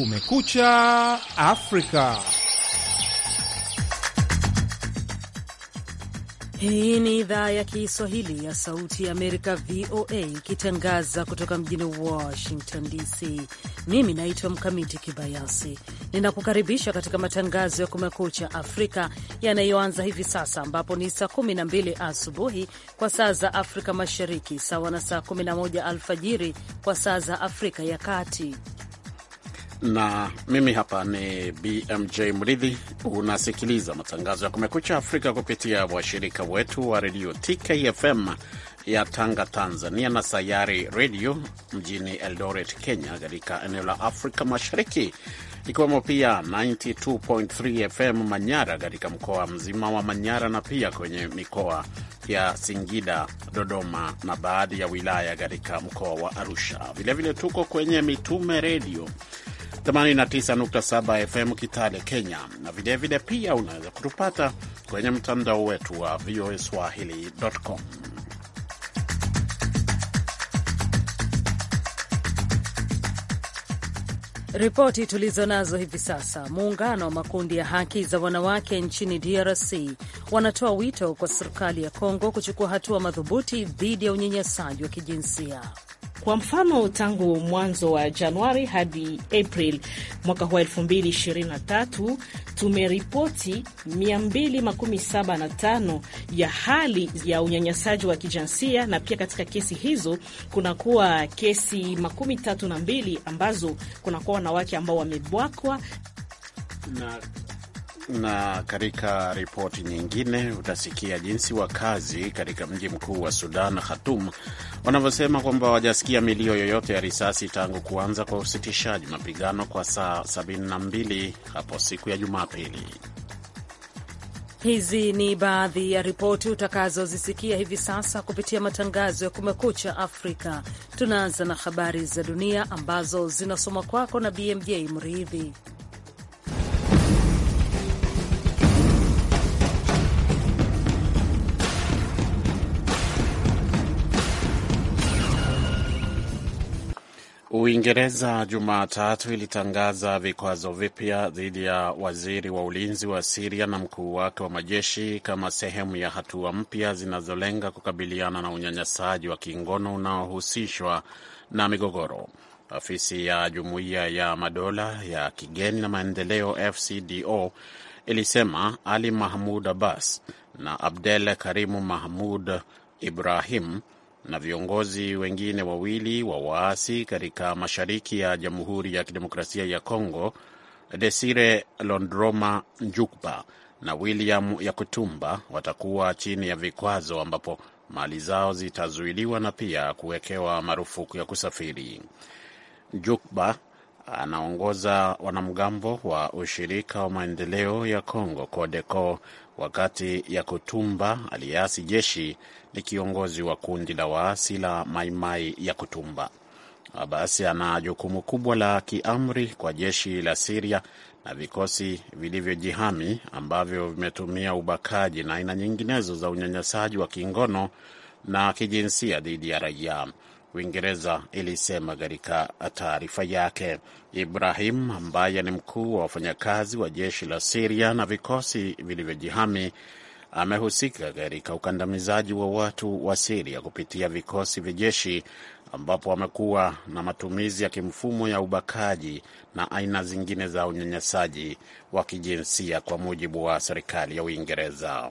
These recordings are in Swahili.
Kumekucha Afrika. Hii ni idhaa ya Kiswahili ya Sauti ya Amerika, VOA, ikitangaza kutoka mjini Washington DC. Mimi naitwa Mkamiti Kibayasi, ninakukaribisha katika matangazo ya Kumekucha Afrika yanayoanza hivi sasa, ambapo ni saa 12 asubuhi kwa saa za Afrika Mashariki, sawa na saa 11 alfajiri kwa saa za Afrika ya Kati na mimi hapa ni BMJ Mridhi. Unasikiliza matangazo ya Kumekucha Afrika kupitia washirika wetu wa redio TKFM ya Tanga, Tanzania, na Sayari Redio mjini Eldoret, Kenya, katika eneo la Afrika Mashariki, ikiwemo pia 92.3 FM Manyara katika mkoa mzima wa Manyara na pia kwenye mikoa ya Singida, Dodoma na baadhi ya wilaya katika mkoa wa Arusha. Vilevile vile tuko kwenye Mitume Redio 89.7 FM Kitale, Kenya, na vilevile pia unaweza kutupata kwenye mtandao wetu wa VOA Swahili.com. Ripoti tulizo nazo hivi sasa. Muungano wa makundi ya haki za wanawake nchini DRC wanatoa wito kwa serikali ya Kongo kuchukua hatua madhubuti dhidi ya unyanyasaji wa kijinsia. Kwa mfano, tangu mwanzo wa Januari hadi April mwaka wa 2023 tumeripoti 275 ya hali ya unyanyasaji wa kijinsia, na pia katika kesi hizo kunakuwa kesi makumi tatu na mbili ambazo kunakuwa wanawake ambao wamebwakwa na na katika ripoti nyingine utasikia jinsi wakazi katika mji mkuu wa Sudan, Khartoum, wanavyosema kwamba wajasikia milio yoyote ya risasi tangu kuanza kwa usitishaji mapigano kwa saa 72 hapo siku ya Jumapili. Hizi ni baadhi ya ripoti utakazozisikia hivi sasa kupitia matangazo ya Kumekucha Afrika. Tunaanza na habari za dunia ambazo zinasoma kwako na BMJ Mridhi. Uingereza Jumatatu ilitangaza vikwazo vipya dhidi ya waziri wa ulinzi wa Siria na mkuu wake wa majeshi kama sehemu ya hatua mpya zinazolenga kukabiliana na unyanyasaji wa kingono unaohusishwa na migogoro. Afisi ya Jumuiya ya Madola ya Kigeni na Maendeleo, FCDO, ilisema Ali Mahmud Abbas na Abdel Karimu Mahmud Ibrahim na viongozi wengine wawili wa waasi katika mashariki ya Jamhuri ya Kidemokrasia ya Kongo, Desire Londroma njukba na William Yakutumba watakuwa chini ya vikwazo ambapo mali zao zitazuiliwa na pia kuwekewa marufuku ya kusafiri. Jukba anaongoza wanamgambo wa ushirika wa maendeleo ya Kongo CODECO wakati ya kutumba aliyeasi jeshi ni kiongozi wa kundi la waasi la Maimai ya kutumba Abasi ana jukumu kubwa la kiamri kwa jeshi la Siria na vikosi vilivyojihami ambavyo vimetumia ubakaji na aina nyinginezo za unyanyasaji wa kingono na kijinsia dhidi ya raia. Uingereza ilisema katika taarifa yake. Ibrahim ambaye ni mkuu wa wafanyakazi wa jeshi la Siria na vikosi vilivyojihami amehusika katika ukandamizaji wa watu wa Siria kupitia vikosi vya jeshi, ambapo amekuwa na matumizi ya kimfumo ya ubakaji na aina zingine za unyanyasaji wa kijinsia, kwa mujibu wa serikali ya Uingereza.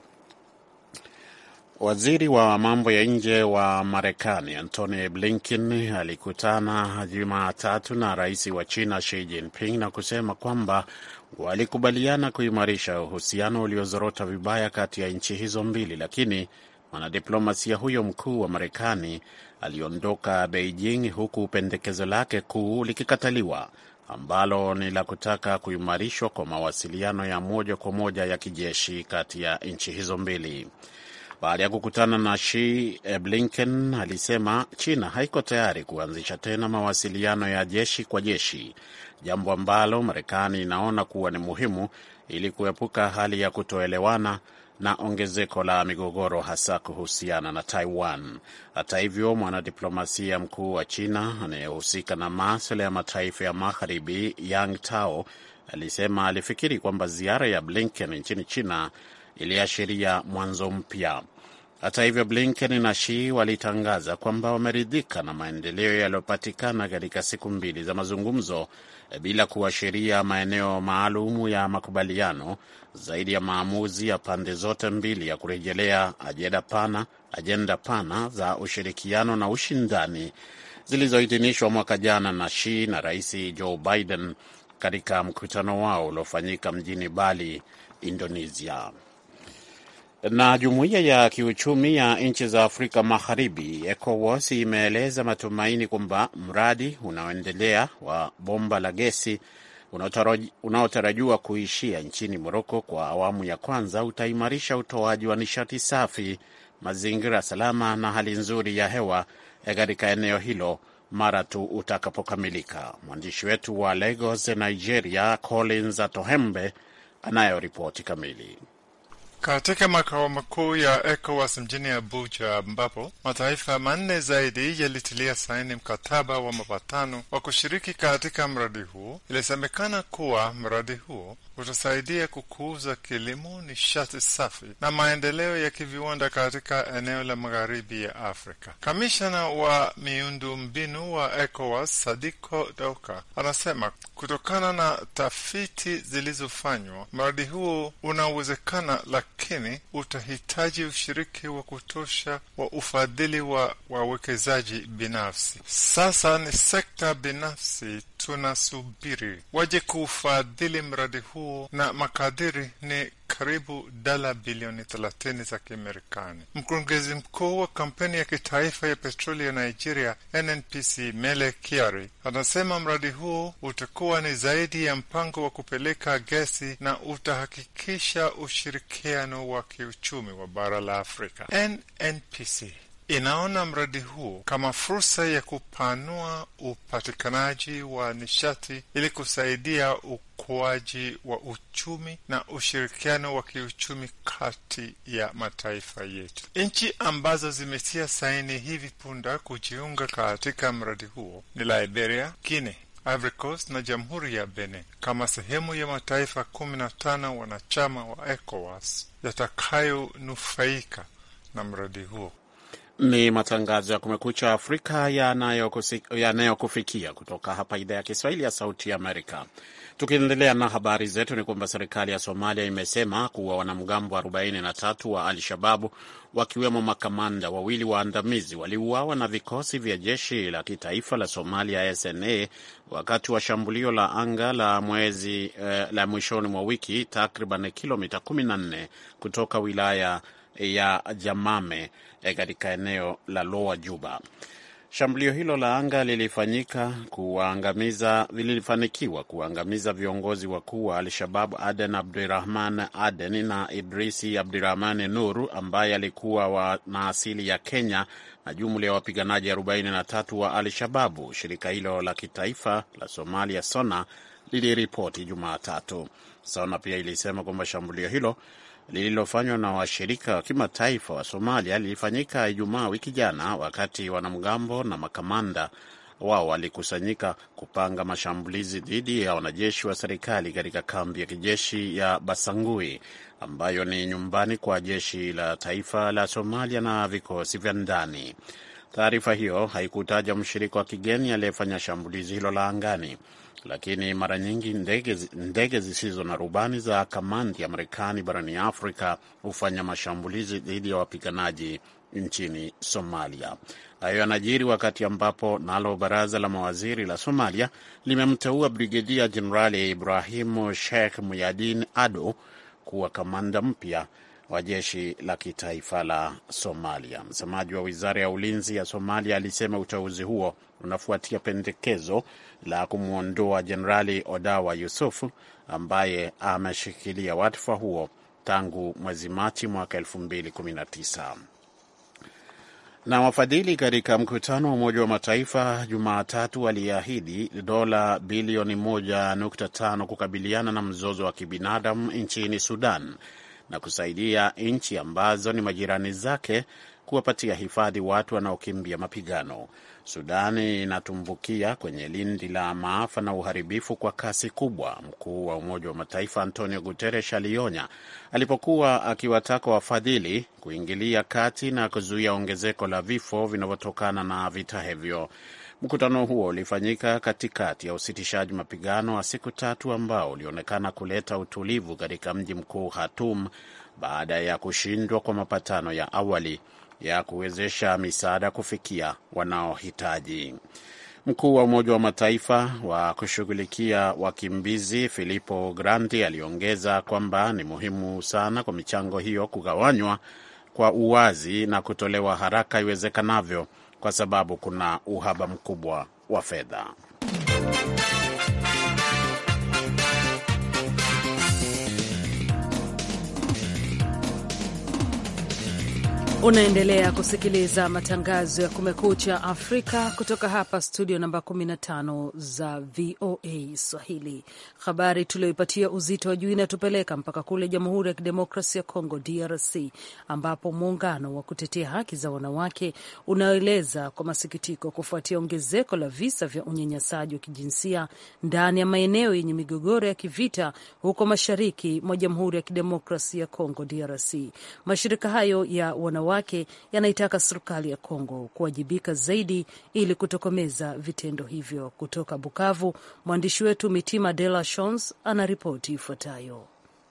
Waziri wa mambo ya nje wa Marekani Antony Blinken alikutana Jumatatu na rais wa China Xi Jinping na kusema kwamba walikubaliana kuimarisha uhusiano uliozorota vibaya kati ya nchi hizo mbili, lakini mwanadiplomasia huyo mkuu wa Marekani aliondoka Beijing huku pendekezo lake kuu likikataliwa ambalo ni la kutaka kuimarishwa kwa mawasiliano ya moja kwa moja ya kijeshi kati ya nchi hizo mbili baada ya kukutana na Xi. Eh, Blinken alisema China haiko tayari kuanzisha tena mawasiliano ya jeshi kwa jeshi, jambo ambalo Marekani inaona kuwa ni muhimu ili kuepuka hali ya kutoelewana na ongezeko la migogoro hasa kuhusiana na Taiwan. Hata hivyo, mwanadiplomasia mkuu wa China anayehusika na maswala ya mataifa ya magharibi Yang Tao alisema alifikiri kwamba ziara ya Blinken nchini China iliashiria mwanzo mpya. Hata hivyo, Blinken na shi walitangaza kwamba wameridhika na maendeleo yaliyopatikana katika siku mbili za mazungumzo eh, bila kuashiria maeneo maalumu ya makubaliano zaidi ya maamuzi ya pande zote mbili ya kurejelea ajenda pana, ajenda pana za ushirikiano na ushindani zilizoidhinishwa mwaka jana na Shi na Rais Joe Biden katika mkutano wao uliofanyika mjini Bali, Indonesia. Na jumuiya ya kiuchumi ya nchi za Afrika Magharibi, ECOWAS, imeeleza matumaini kwamba mradi unaoendelea wa bomba la gesi unaotarajiwa kuishia nchini Moroko kwa awamu ya kwanza utaimarisha utoaji wa nishati safi, mazingira salama na hali nzuri ya hewa katika eneo hilo mara tu utakapokamilika. Mwandishi wetu wa Lagos, Nigeria, Collins Atohembe anayo ripoti kamili katika makao makuu ya ECOWAS mjini Abuja, ambapo mataifa manne zaidi yalitilia saini mkataba wa mapatano wa kushiriki katika mradi huo. Ilisemekana kuwa mradi huo kutasaidia kukuza kilimo, nishati safi na maendeleo ya kiviwanda katika eneo la magharibi ya Afrika. Kamishna wa miundu mbinu wa ECOWAS Sadiko Doka anasema kutokana na tafiti zilizofanywa, mradi huo unawezekana, lakini utahitaji ushiriki wa kutosha wa ufadhili wa wawekezaji binafsi. Sasa ni sekta binafsi tunasubiri waje kuufadhili mradi huo, na makadiri ni karibu dola bilioni 30 za kimerekani Mkurugenzi mkuu wa kampeni ya kitaifa ya petroli ya Nigeria, NNPC, Mele Kiari anasema mradi huo utakuwa ni zaidi ya mpango wa kupeleka gesi na utahakikisha ushirikiano wa kiuchumi wa bara la Afrika. NNPC inaona mradi huo kama fursa ya kupanua upatikanaji wa nishati ili kusaidia ukuaji wa uchumi na ushirikiano wa kiuchumi kati ya mataifa yetu. Nchi ambazo zimetia saini hivi punda kujiunga katika mradi huo ni Liberia, guine Ivory Coast na Jamhuri ya Benin kama sehemu ya mataifa kumi na tano wanachama wa ECOWAS yatakayonufaika na mradi huo. Ni matangazo ya Kumekucha Afrika yanayokufikia ya kutoka hapa idhaa ya Kiswahili ya Sauti ya Amerika. Tukiendelea na habari zetu, ni kwamba serikali ya Somalia imesema kuwa wanamgambo 43 wa Al-Shababu, wakiwemo makamanda wawili waandamizi, waliuawa na vikosi vya jeshi la kitaifa la Somalia SNA wakati wa shambulio la anga la mwezi eh, la mwishoni mwa wiki takriban kilomita 14 kutoka wilaya ya Jamame Eh, katika eneo la Lower Juba. Shambulio hilo la anga lilifanyika kuwaangamiza, lilifanikiwa kuwaangamiza viongozi wakuu wa Al-Shabab Aden Abdurahman Aden na Idrisi Abdurahman Nur ambaye alikuwa wa na asili ya Kenya na jumla ya wapiganaji 43 wa Al-Shababu, shirika hilo la kitaifa la Somalia SONA liliripoti Jumatatu. SONA pia ilisema kwamba shambulio hilo lililofanywa na washirika wa kimataifa wa Somalia lilifanyika Ijumaa wiki jana, wakati wanamgambo na makamanda wao walikusanyika kupanga mashambulizi dhidi ya wanajeshi wa serikali katika kambi ya kijeshi ya Basangui ambayo ni nyumbani kwa jeshi la taifa la Somalia na vikosi vya ndani. Taarifa hiyo haikutaja mshirika wa kigeni aliyefanya shambulizi hilo la angani lakini mara nyingi ndege, ndege zisizo na rubani za kamandi ya Marekani barani Afrika hufanya mashambulizi dhidi ya wapiganaji nchini Somalia. Hayo yanajiri wakati ambapo nalo baraza la mawaziri la Somalia limemteua Brigedia Jenerali Ibrahimu Sheikh Muyadin Ado kuwa kamanda mpya wa jeshi la kitaifa la Somalia. Msemaji wa wizara ya ulinzi ya Somalia alisema uteuzi huo unafuatia pendekezo la kumwondoa Jenerali Odawa yusuf ambaye ameshikilia wadhifa huo tangu mwezi Machi mwaka 2019. Na wafadhili katika mkutano wa Umoja wa Mataifa Jumatatu waliahidi dola bilioni 1.5 kukabiliana na mzozo wa kibinadamu nchini Sudan na kusaidia nchi ambazo ni majirani zake kuwapatia hifadhi watu wanaokimbia mapigano. Sudani inatumbukia kwenye lindi la maafa na uharibifu kwa kasi kubwa, mkuu wa Umoja wa Mataifa Antonio Guterres alionya alipokuwa akiwataka wafadhili kuingilia kati na kuzuia ongezeko la vifo vinavyotokana na vita hivyo. Mkutano huo ulifanyika katikati ya usitishaji mapigano wa siku tatu ambao ulionekana kuleta utulivu katika mji mkuu Khartoum baada ya kushindwa kwa mapatano ya awali ya kuwezesha misaada kufikia wanaohitaji. Mkuu wa Umoja wa Mataifa wa kushughulikia wakimbizi Filippo Grandi aliongeza kwamba ni muhimu sana kwa michango hiyo kugawanywa kwa uwazi na kutolewa haraka iwezekanavyo kwa sababu kuna uhaba mkubwa wa fedha. Unaendelea kusikiliza matangazo ya Kumekucha Afrika kutoka hapa studio namba 15 za VOA Swahili. Habari tulioipatia uzito wa juu inatupeleka mpaka kule Jamhuri ya Kidemokrasi ya Kongo, DRC, ambapo muungano wa kutetea haki za wanawake unaeleza kwa masikitiko kufuatia ongezeko la visa vya unyanyasaji wa kijinsia ndani ya maeneo yenye migogoro ya kivita huko mashariki mwa Jamhuri ya Kidemokrasi ya Kongo, DRC. Mashirika hayo ya wanawake wake yanaitaka serikali ya Kongo kuwajibika zaidi ili kutokomeza vitendo hivyo. Kutoka Bukavu, mwandishi wetu Mitima De La Shons ana ripoti ifuatayo.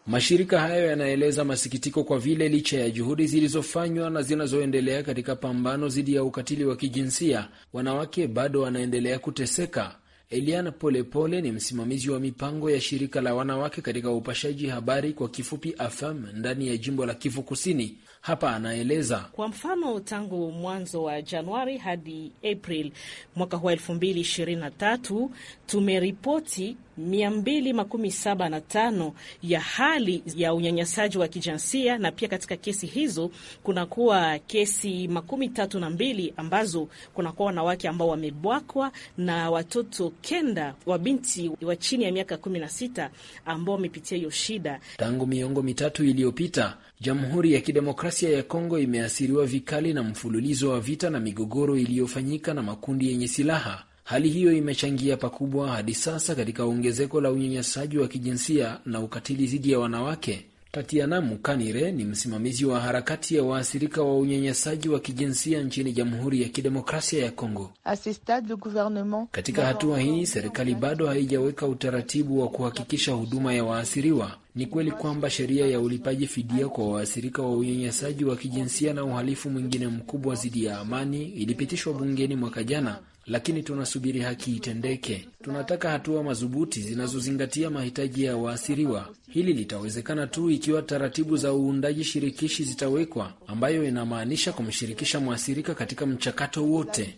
Mashirika hayo yanaeleza masikitiko kwa vile licha ya juhudi zilizofanywa na zinazoendelea katika pambano dhidi ya ukatili wa kijinsia, wanawake bado wanaendelea kuteseka. Eliana Polepole ni msimamizi wa mipango ya shirika la wanawake katika upashaji habari kwa kifupi AFAM ndani ya jimbo la Kivu Kusini. Hapa anaeleza kwa mfano, tangu mwanzo wa Januari hadi April mwaka wa elfu mbili ishirini na tatu tumeripoti 275 ya hali ya unyanyasaji wa kijinsia, na pia katika kesi hizo kunakuwa kesi makumi tatu na mbili ambazo kunakuwa wanawake ambao wamebwakwa na watoto kenda wa binti wa chini ya miaka 16 ambao wamepitia hiyo shida tangu miongo mitatu iliyopita. Jamhuri ya Kidemokrasia ya Kongo imeathiriwa vikali na mfululizo wa vita na migogoro iliyofanyika na makundi yenye silaha Hali hiyo imechangia pakubwa hadi sasa katika ongezeko la unyanyasaji wa kijinsia na ukatili dhidi ya wanawake. Tatiana Mukanire ni msimamizi wa harakati ya waathirika wa unyanyasaji wa kijinsia nchini Jamhuri ya Kidemokrasia ya Kongo. Katika hatua hii, serikali bado haijaweka utaratibu wa kuhakikisha huduma ya waathiriwa. Ni kweli kwamba sheria ya ulipaji fidia kwa waathirika wa unyanyasaji wa kijinsia na uhalifu mwingine mkubwa dhidi ya amani ilipitishwa bungeni mwaka jana lakini tunasubiri haki itendeke. Tunataka hatua madhubuti zinazozingatia mahitaji ya waathiriwa. Hili litawezekana tu ikiwa taratibu za uundaji shirikishi zitawekwa, ambayo inamaanisha kumshirikisha mwathirika katika mchakato wote.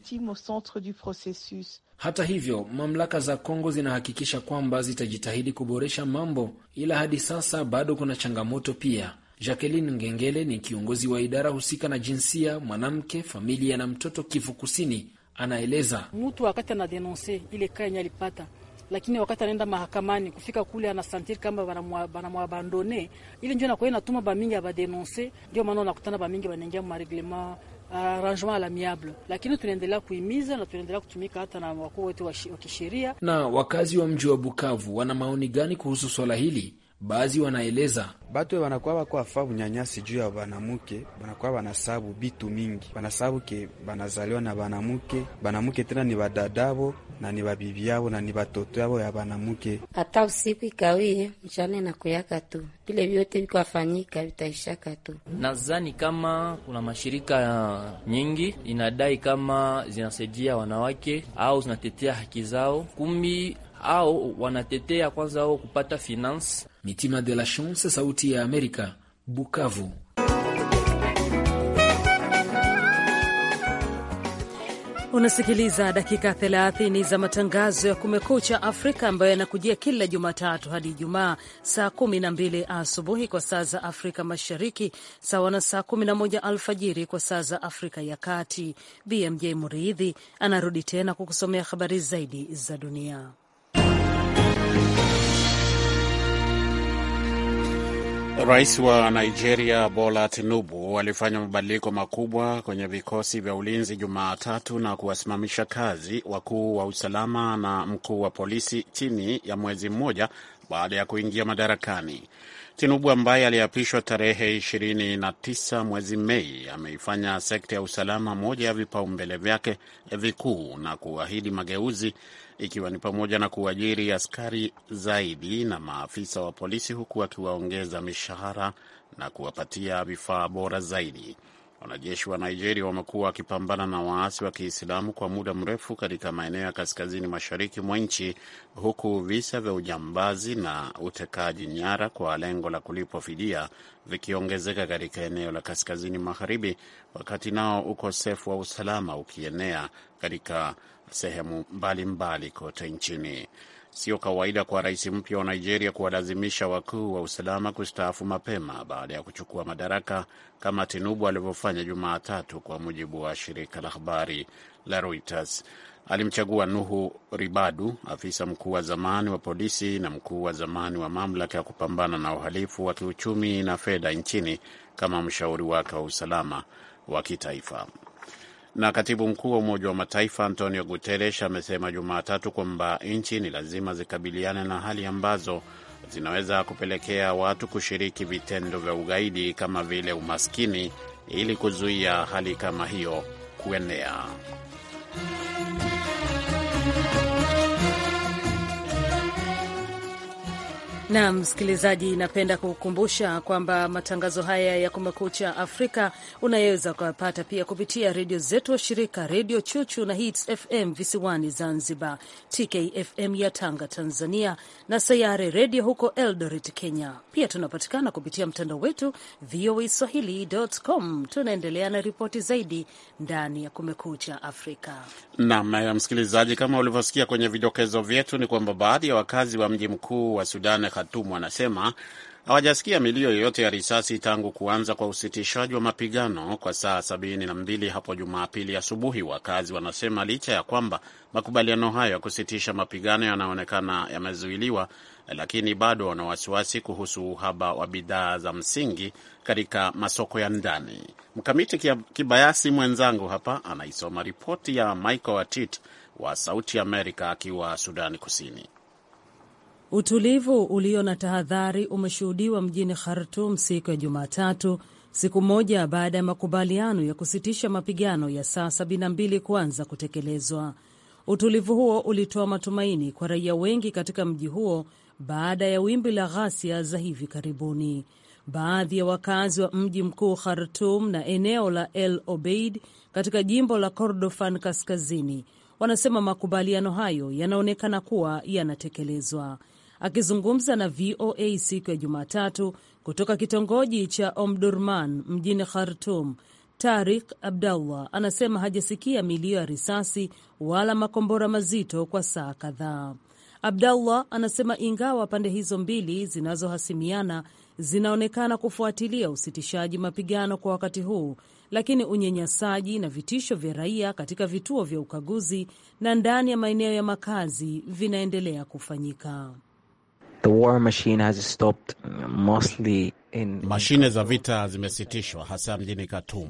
Hata hivyo, mamlaka za Kongo zinahakikisha kwamba zitajitahidi kuboresha mambo, ila hadi sasa bado kuna changamoto pia. Jacqueline Ngengele ni kiongozi wa idara husika na jinsia, mwanamke, familia na mtoto Kivu Kusini anaeleza mtu wakati anadenonse ile enye alipata lakini wakati anaenda mahakamani kufika kule anasantir kama banamwabandone ile njo nakwa natuma bamingi abadenonse. Ndio maana unakutana bamingi banaingia mareglema arrangement la alamiable, lakini tunaendelea kuimiza na tunaendelea kutumika hata na wakuu wetu wa kisheria. Na wakazi wa mji wa Bukavu wana maoni gani kuhusu swala hili? Baadhi wanaeleza bato wanakuwa bakwafa bunyanyasi juu ya banamuke, wanakuwa banasabu bitu mingi, banasabu ke banazaliwa na banamuke, banamuke tena ni badadabo na ni wabibi yabo na ni watoto yabo ya banamuke. Hata usiku ikawie mchana na kuyaka tu, vile vyote vikwafanyika vitaishaka tu. Nazani kama kuna mashirika nyingi inadai kama zinasaidia wanawake au zinatetea haki zao, kumbi au wanatetea kwanza wao kupata finance Mitima de la Chance, Sauti ya Amerika, Bukavu. Unasikiliza dakika 30 za matangazo ya Kumekucha Afrika ambayo yanakujia kila Jumatatu hadi Ijumaa saa 12 asubuhi kwa saa za Afrika Mashariki, sawa na saa 11 alfajiri kwa saa za Afrika ya Kati. BMJ Muridhi anarudi tena kukusomea habari zaidi za dunia. Rais wa Nigeria Bola Tinubu alifanya mabadiliko makubwa kwenye vikosi vya ulinzi Jumatatu na kuwasimamisha kazi wakuu wa usalama na mkuu wa polisi chini ya mwezi mmoja baada ya kuingia madarakani. Tinubu ambaye aliapishwa tarehe 29 mwezi Mei ameifanya sekta ya usalama moja ya vipaumbele vyake vikuu na kuahidi mageuzi ikiwa ni pamoja na kuajiri askari zaidi na maafisa wa polisi huku akiwaongeza mishahara na kuwapatia vifaa bora zaidi. Wanajeshi wa Nigeria wamekuwa wakipambana na waasi wa Kiislamu kwa muda mrefu katika maeneo ya kaskazini mashariki mwa nchi, huku visa vya ujambazi na utekaji nyara kwa lengo la kulipwa fidia vikiongezeka katika eneo la kaskazini magharibi, wakati nao ukosefu wa usalama ukienea katika sehemu mbalimbali kote nchini. Sio kawaida kwa rais mpya wa Nigeria kuwalazimisha wakuu wa usalama kustaafu mapema baada ya kuchukua madaraka kama Tinubu alivyofanya Jumatatu, kwa mujibu wa shirika la habari la Reuters. Alimchagua Nuhu Ribadu, afisa mkuu wa zamani wa polisi na mkuu wa zamani wa mamlaka ya kupambana na uhalifu wa kiuchumi na fedha nchini, kama mshauri wake wa usalama wa kitaifa. Na katibu mkuu wa Umoja wa Mataifa Antonio Guterres amesema Jumatatu kwamba nchi ni lazima zikabiliane na hali ambazo zinaweza kupelekea watu kushiriki vitendo vya ugaidi kama vile umaskini, ili kuzuia hali kama hiyo kuenea. Na msikilizaji, napenda kukukumbusha kwamba matangazo haya ya Kumekucha Afrika unaweza ukayapata pia kupitia redio zetu wa shirika Redio Chuchu na Hits FM visiwani Zanzibar, TKFM ya Tanga Tanzania, na Sayare Redio huko Eldoret Kenya. Pia tunapatikana kupitia mtandao wetu VOA Swahili.com. Tunaendelea na ripoti zaidi ndani ya Kumekucha Afrika. Nam msikilizaji, kama ulivyosikia kwenye vidokezo vyetu ni kwamba baadhi ya wakazi wa mji mkuu wa Sudan Khartoum anasema hawajasikia milio yoyote ya risasi tangu kuanza kwa usitishaji wa mapigano kwa saa sabini na mbili hapo Jumapili asubuhi. Wakazi wanasema licha ya kwamba makubaliano hayo ya kusitisha mapigano yanaonekana yamezuiliwa, lakini bado wana wasiwasi kuhusu uhaba wa bidhaa za msingi katika masoko ya ndani. Mkamiti Kibayasi mwenzangu hapa anaisoma ripoti ya Michael Atit wa Sauti Amerika akiwa Sudani Kusini. Utulivu ulio na tahadhari umeshuhudiwa mjini Khartum siku ya Jumatatu, siku moja baada ya makubaliano ya kusitisha mapigano ya saa 72 kuanza kutekelezwa. Utulivu huo ulitoa matumaini kwa raia wengi katika mji huo baada ya wimbi la ghasia za hivi karibuni. Baadhi ya wakazi wa mji mkuu Khartum na eneo la El Obeid katika jimbo la Kordofan Kaskazini wanasema makubaliano hayo yanaonekana kuwa yanatekelezwa. Akizungumza na VOA siku ya Jumatatu kutoka kitongoji cha Omdurman mjini Khartum, Tarik Abdallah anasema hajasikia milio ya risasi wala makombora mazito kwa saa kadhaa. Abdallah anasema ingawa pande hizo mbili zinazohasimiana zinaonekana kufuatilia usitishaji mapigano kwa wakati huu, lakini unyanyasaji na vitisho vya raia katika vituo vya ukaguzi na ndani ya maeneo ya makazi vinaendelea kufanyika. The war machine has stopped mostly in... mashine za vita zimesitishwa hasa mjini Khartoum.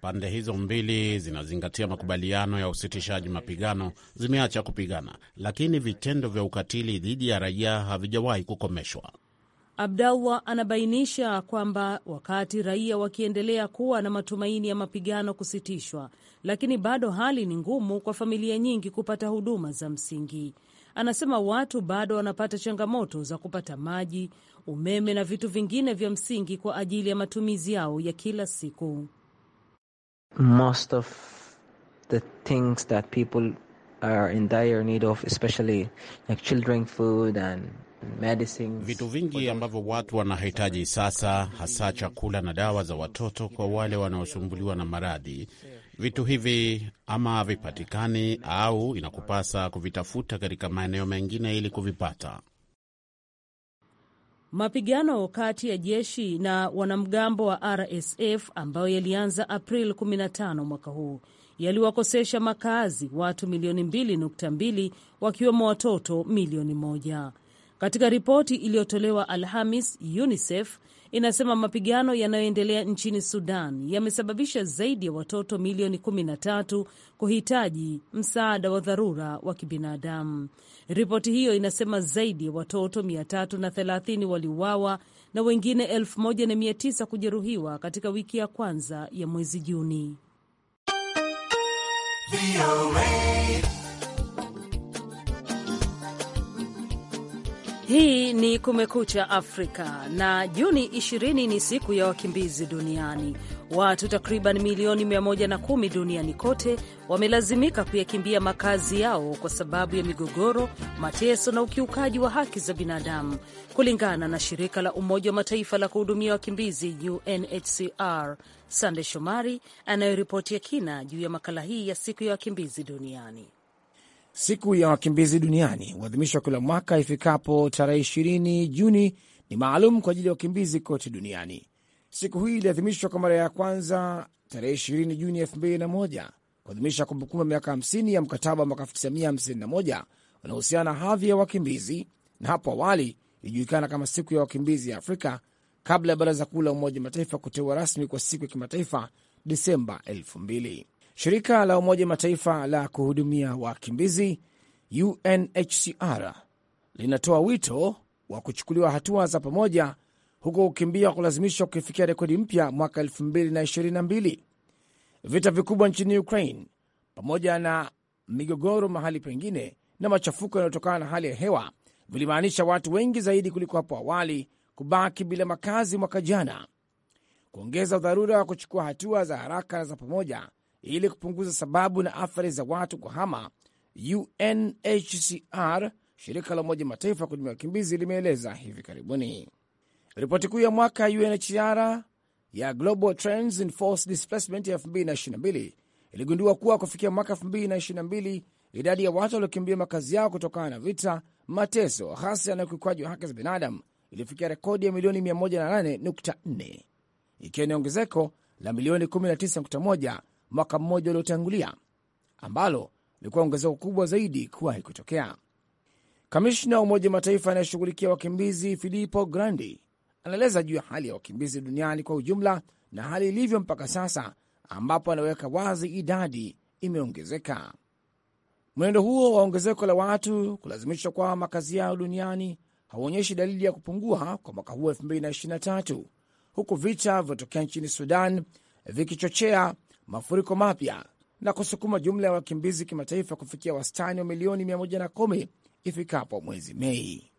Pande hizo mbili zinazingatia makubaliano ya usitishaji mapigano, zimeacha kupigana, lakini vitendo vya ukatili dhidi ya raia havijawahi kukomeshwa. Abdallah anabainisha kwamba wakati raia wakiendelea kuwa na matumaini ya mapigano kusitishwa, lakini bado hali ni ngumu kwa familia nyingi kupata huduma za msingi. Anasema watu bado wanapata changamoto za kupata maji, umeme na vitu vingine vya msingi kwa ajili ya matumizi yao ya kila siku. Most of the things that people are in dire need of, especially like children food and medicines. Vitu vingi ambavyo watu wanahitaji sasa, hasa chakula na dawa za watoto kwa wale wanaosumbuliwa na maradhi Vitu hivi ama havipatikani au inakupasa kuvitafuta katika maeneo mengine ili kuvipata. Mapigano kati ya jeshi na wanamgambo wa RSF ambayo yalianza april 15 mwaka huu yaliwakosesha makazi watu milioni 2.2 wakiwemo watoto milioni moja. Katika ripoti iliyotolewa Alhamis, UNICEF inasema mapigano yanayoendelea nchini Sudan yamesababisha zaidi ya watoto milioni 13 kuhitaji msaada wa dharura wa kibinadamu. Ripoti hiyo inasema zaidi ya watoto 330 waliuawa na wengine 1900 kujeruhiwa katika wiki ya kwanza ya mwezi Juni. Hii ni Kumekucha Afrika na Juni 20 ni siku ya wakimbizi duniani. Watu takriban milioni 110 duniani kote wamelazimika kuyakimbia makazi yao kwa sababu ya migogoro, mateso na ukiukaji wa haki za binadamu, kulingana na shirika la Umoja wa Mataifa la kuhudumia wakimbizi UNHCR. Sande Shomari anayoripotia kina juu ya makala hii ya siku ya wakimbizi duniani. Siku ya wakimbizi duniani huadhimishwa kila mwaka ifikapo tarehe ishirini Juni. Ni maalum kwa ajili ya wakimbizi kote duniani. Siku hii iliadhimishwa kwa mara ya kwanza tarehe ishirini Juni moja kuadhimisha kumbukumbu miaka 50 ya mkataba wa mwaka moja unaohusiana na hadhi ya wakimbizi, na hapo awali ilijulikana kama siku ya wakimbizi ya Afrika kabla ya Baraza Kuu la Umoja Mataifa kuteua rasmi kwa siku ya kimataifa Disemba mbili. Shirika la Umoja Mataifa la kuhudumia wakimbizi UNHCR linatoa wito wa kuchukuliwa hatua za pamoja huku kukimbia wa kulazimishwa kukifikia rekodi mpya mwaka 2022. Vita vikubwa nchini Ukraine pamoja na migogoro mahali pengine na machafuko yanayotokana na hali ya hewa vilimaanisha watu wengi zaidi kuliko hapo awali kubaki bila makazi mwaka jana. Kuongeza udharura wa kuchukua hatua za haraka na za pamoja ili kupunguza sababu na athari za watu kuhama. UNHCR, shirika la Umoja Mataifa kudumia wakimbizi, limeeleza hivi karibuni. Ripoti kuu ya mwaka UNHCR ya Global Trends in Forced Displacement 2022 iligundua kuwa kufikia mwaka 2022 idadi ya watu waliokimbia makazi yao kutokana na vita, mateso, ghasia na ukiukwaji wa haki za binadamu ilifikia rekodi ya milioni 108.4 ikiwa ni ongezeko la milioni 19.1 mwaka mmoja uliotangulia, ambalo lilikuwa ongezeko kubwa zaidi kuwahi kutokea. Kamishna wa Umoja Mataifa anayeshughulikia wakimbizi Filippo Grandi anaeleza juu ya hali ya wakimbizi duniani kwa ujumla na hali ilivyo mpaka sasa, ambapo anaweka wazi idadi imeongezeka. Mwenendo huo wa ongezeko la watu kulazimishwa kwa makazi yao duniani hauonyeshi dalili ya kupungua kwa mwaka huu 2023 huku vita vilivyotokea nchini Sudan vikichochea mafuriko mapya na kusukuma jumla ya wakimbizi kimataifa kufikia wastani wa milioni 110 ifikapo mwezi Mei.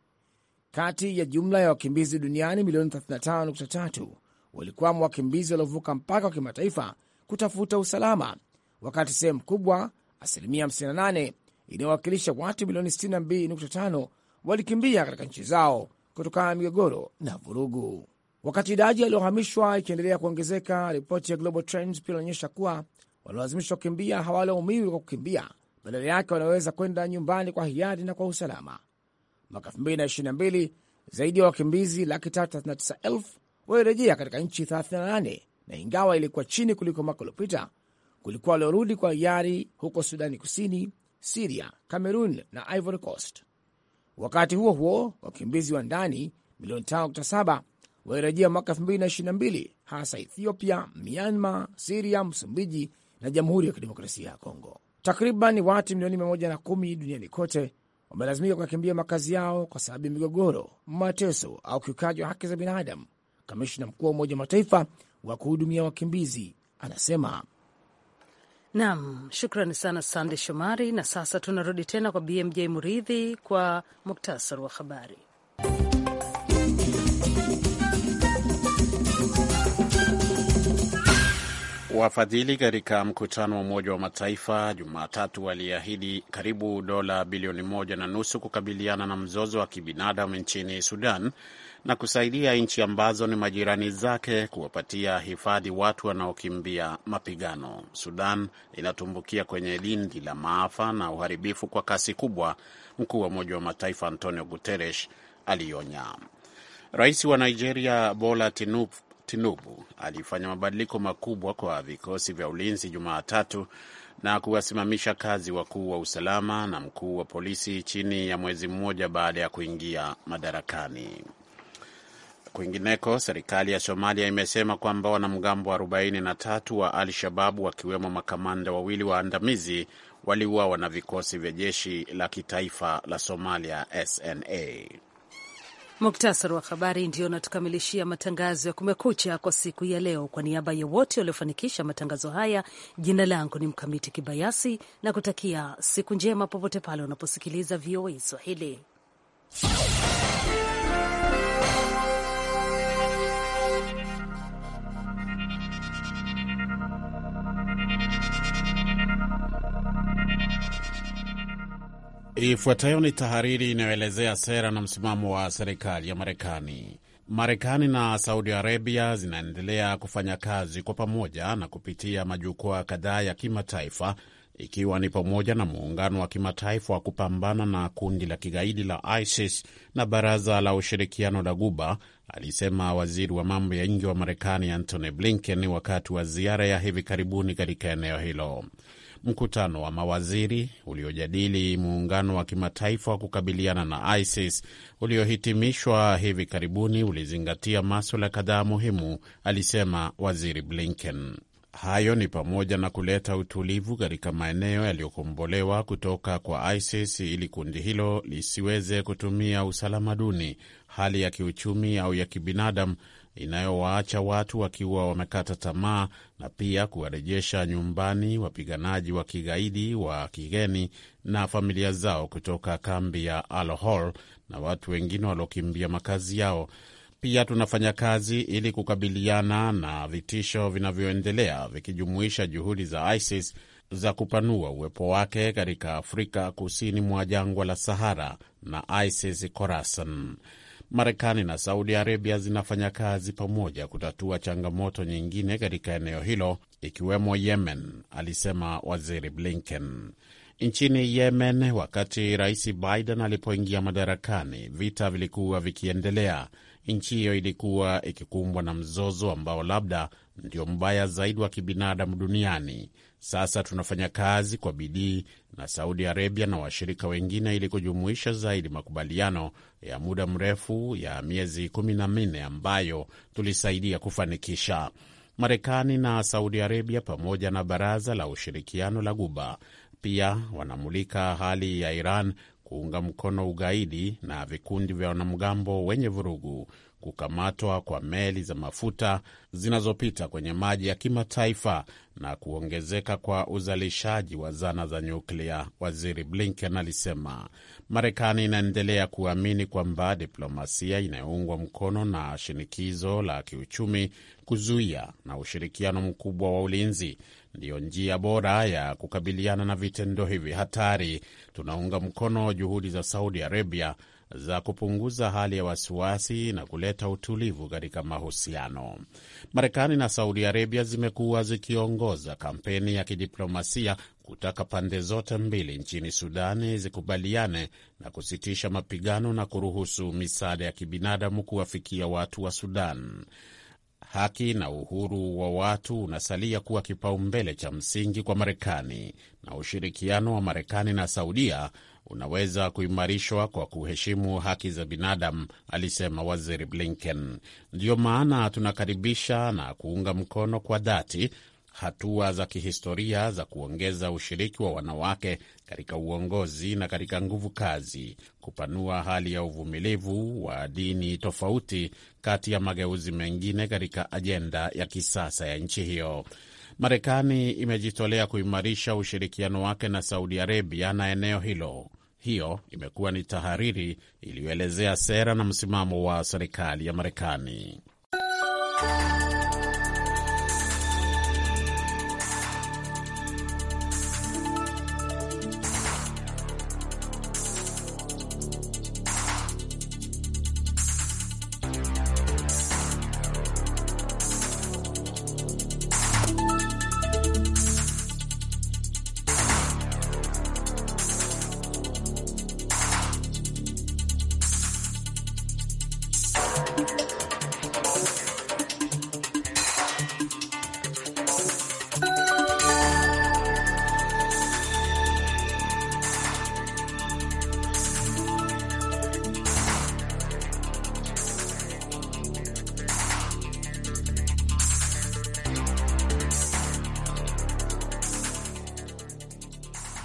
Kati ya jumla ya wakimbizi duniani milioni 35.3 walikuwamo wakimbizi waliovuka mpaka wa kimataifa kutafuta usalama, wakati sehemu kubwa, asilimia 58, inayowakilisha watu milioni 62.5 walikimbia katika nchi zao kutokana na migogoro na vurugu. Wakati idadi yaliyohamishwa ikiendelea kuongezeka, ripoti ya Global Trends pia inaonyesha kuwa waliolazimishwa kukimbia hawalaumiwi kwa kukimbia, badala yake wanaweza kwenda nyumbani kwa hiari na kwa usalama. Mwaka 2022 zaidi ya wakimbizi laki 39 na walirejea katika nchi 38 na ingawa ilikuwa chini kuliko mwaka uliopita, kulikuwa waliorudi kwa hiari huko Sudani Kusini, Siria, Cameroon na Ivory Coast. Wakati huo huo, wakimbizi wa ndani milioni 5.7 walirejea mwaka elfu mbili na na mbili hasa Ethiopia, Myanmar, Siria, Msumbiji na Jamhuri ya Kidemokrasia ya Kongo. Takriban watu milioni mia moja na kumi duniani kote wamelazimika kuyakimbia makazi yao kwa sababu ya migogoro, mateso au kiukaji wa haki za binadamu. Kamishna mkuu wa Umoja wa Mataifa wa kuhudumia wakimbizi anasema. Nam, shukrani sana Sande Shomari. Na sasa tunarudi tena kwa BMJ Muridhi kwa muktasari wa habari. Wafadhili katika mkutano wa Umoja wa Mataifa Jumatatu waliahidi karibu dola bilioni moja na nusu kukabiliana na mzozo wa kibinadamu nchini Sudan na kusaidia nchi ambazo ni majirani zake kuwapatia hifadhi watu wanaokimbia mapigano. Sudan inatumbukia kwenye lindi la maafa na uharibifu kwa kasi kubwa, mkuu wa Umoja wa Mataifa Antonio Guterres alionya. Rais wa Nigeria Bola Tinubu Tinubu alifanya mabadiliko makubwa kwa vikosi vya ulinzi Jumatatu na kuwasimamisha kazi wakuu wa usalama na mkuu wa polisi chini ya mwezi mmoja baada ya kuingia madarakani. Kwingineko, serikali ya Somalia imesema kwamba wanamgambo 43 wa Al Shababu, wakiwemo makamanda wawili waandamizi, waliuawa na vikosi vya jeshi la kitaifa la Somalia, SNA. Muktasari wa habari ndio unatukamilishia matangazo ya Kumekucha kwa siku ya leo. Kwa niaba ya wote waliofanikisha matangazo haya, jina langu ni Mkamiti Kibayasi na kutakia siku njema popote pale unaposikiliza VOA Swahili. Ifuatayo ni tahariri inayoelezea sera na msimamo wa serikali ya Marekani. Marekani na Saudi Arabia zinaendelea kufanya kazi kwa pamoja na kupitia majukwaa kadhaa ya kimataifa, ikiwa ni pamoja na muungano wa kimataifa wa kupambana na kundi la kigaidi la ISIS na baraza la ushirikiano la Guba, alisema waziri wa mambo ya nje wa Marekani Antony Blinken wakati wa ziara ya hivi karibuni katika eneo hilo mkutano wa mawaziri uliojadili muungano wa kimataifa wa kukabiliana na ISIS uliohitimishwa hivi karibuni ulizingatia maswala kadhaa muhimu, alisema Waziri Blinken. Hayo ni pamoja na kuleta utulivu katika maeneo yaliyokombolewa kutoka kwa ISIS ili kundi hilo lisiweze kutumia usalama duni, hali ya kiuchumi au ya kibinadamu inayowaacha watu wakiwa wamekata tamaa na pia kuwarejesha nyumbani wapiganaji wa kigaidi wa kigeni na familia zao kutoka kambi ya Al-Hol na watu wengine waliokimbia makazi yao. Pia tunafanya kazi ili kukabiliana na vitisho vinavyoendelea vikijumuisha juhudi za ISIS za kupanua uwepo wake katika Afrika kusini mwa jangwa la Sahara na ISIS Khorasan. Marekani na Saudi Arabia zinafanya kazi pamoja kutatua changamoto nyingine katika eneo hilo ikiwemo Yemen, alisema Waziri Blinken. Nchini Yemen, wakati Rais Biden alipoingia madarakani, vita vilikuwa vikiendelea. Nchi hiyo ilikuwa ikikumbwa na mzozo ambao labda ndio mbaya zaidi wa kibinadamu duniani. Sasa tunafanya kazi kwa bidii na Saudi Arabia na washirika wengine ili kujumuisha zaidi makubaliano ya muda mrefu ya miezi kumi na minne ambayo tulisaidia kufanikisha. Marekani na Saudi Arabia pamoja na Baraza la Ushirikiano la Guba pia wanamulika hali ya Iran kuunga mkono ugaidi na vikundi vya wanamgambo wenye vurugu kukamatwa kwa meli za mafuta zinazopita kwenye maji ya kimataifa na kuongezeka kwa uzalishaji wa zana za nyuklia. Waziri Blinken alisema Marekani inaendelea kuamini kwamba diplomasia inayoungwa mkono na shinikizo la kiuchumi, kuzuia na ushirikiano mkubwa wa ulinzi ndiyo njia bora ya kukabiliana na vitendo hivi hatari. Tunaunga mkono juhudi za Saudi Arabia za kupunguza hali ya wasiwasi na kuleta utulivu katika mahusiano. Marekani na Saudi Arabia zimekuwa zikiongoza kampeni ya kidiplomasia kutaka pande zote mbili nchini Sudani zikubaliane na kusitisha mapigano na kuruhusu misaada ya kibinadamu kuwafikia watu wa Sudan. Haki na uhuru wa watu unasalia kuwa kipaumbele cha msingi kwa Marekani, na ushirikiano wa Marekani na Saudia unaweza kuimarishwa kwa kuheshimu haki za binadamu, alisema Waziri Blinken. Ndiyo maana tunakaribisha na kuunga mkono kwa dhati hatua za kihistoria za kuongeza ushiriki wa wanawake katika uongozi na katika nguvu kazi, kupanua hali ya uvumilivu wa dini tofauti, kati ya mageuzi mengine katika ajenda ya kisasa ya nchi hiyo. Marekani imejitolea kuimarisha ushirikiano wake na Saudi Arabia na eneo hilo. Hiyo imekuwa ni tahariri iliyoelezea sera na msimamo wa serikali ya Marekani.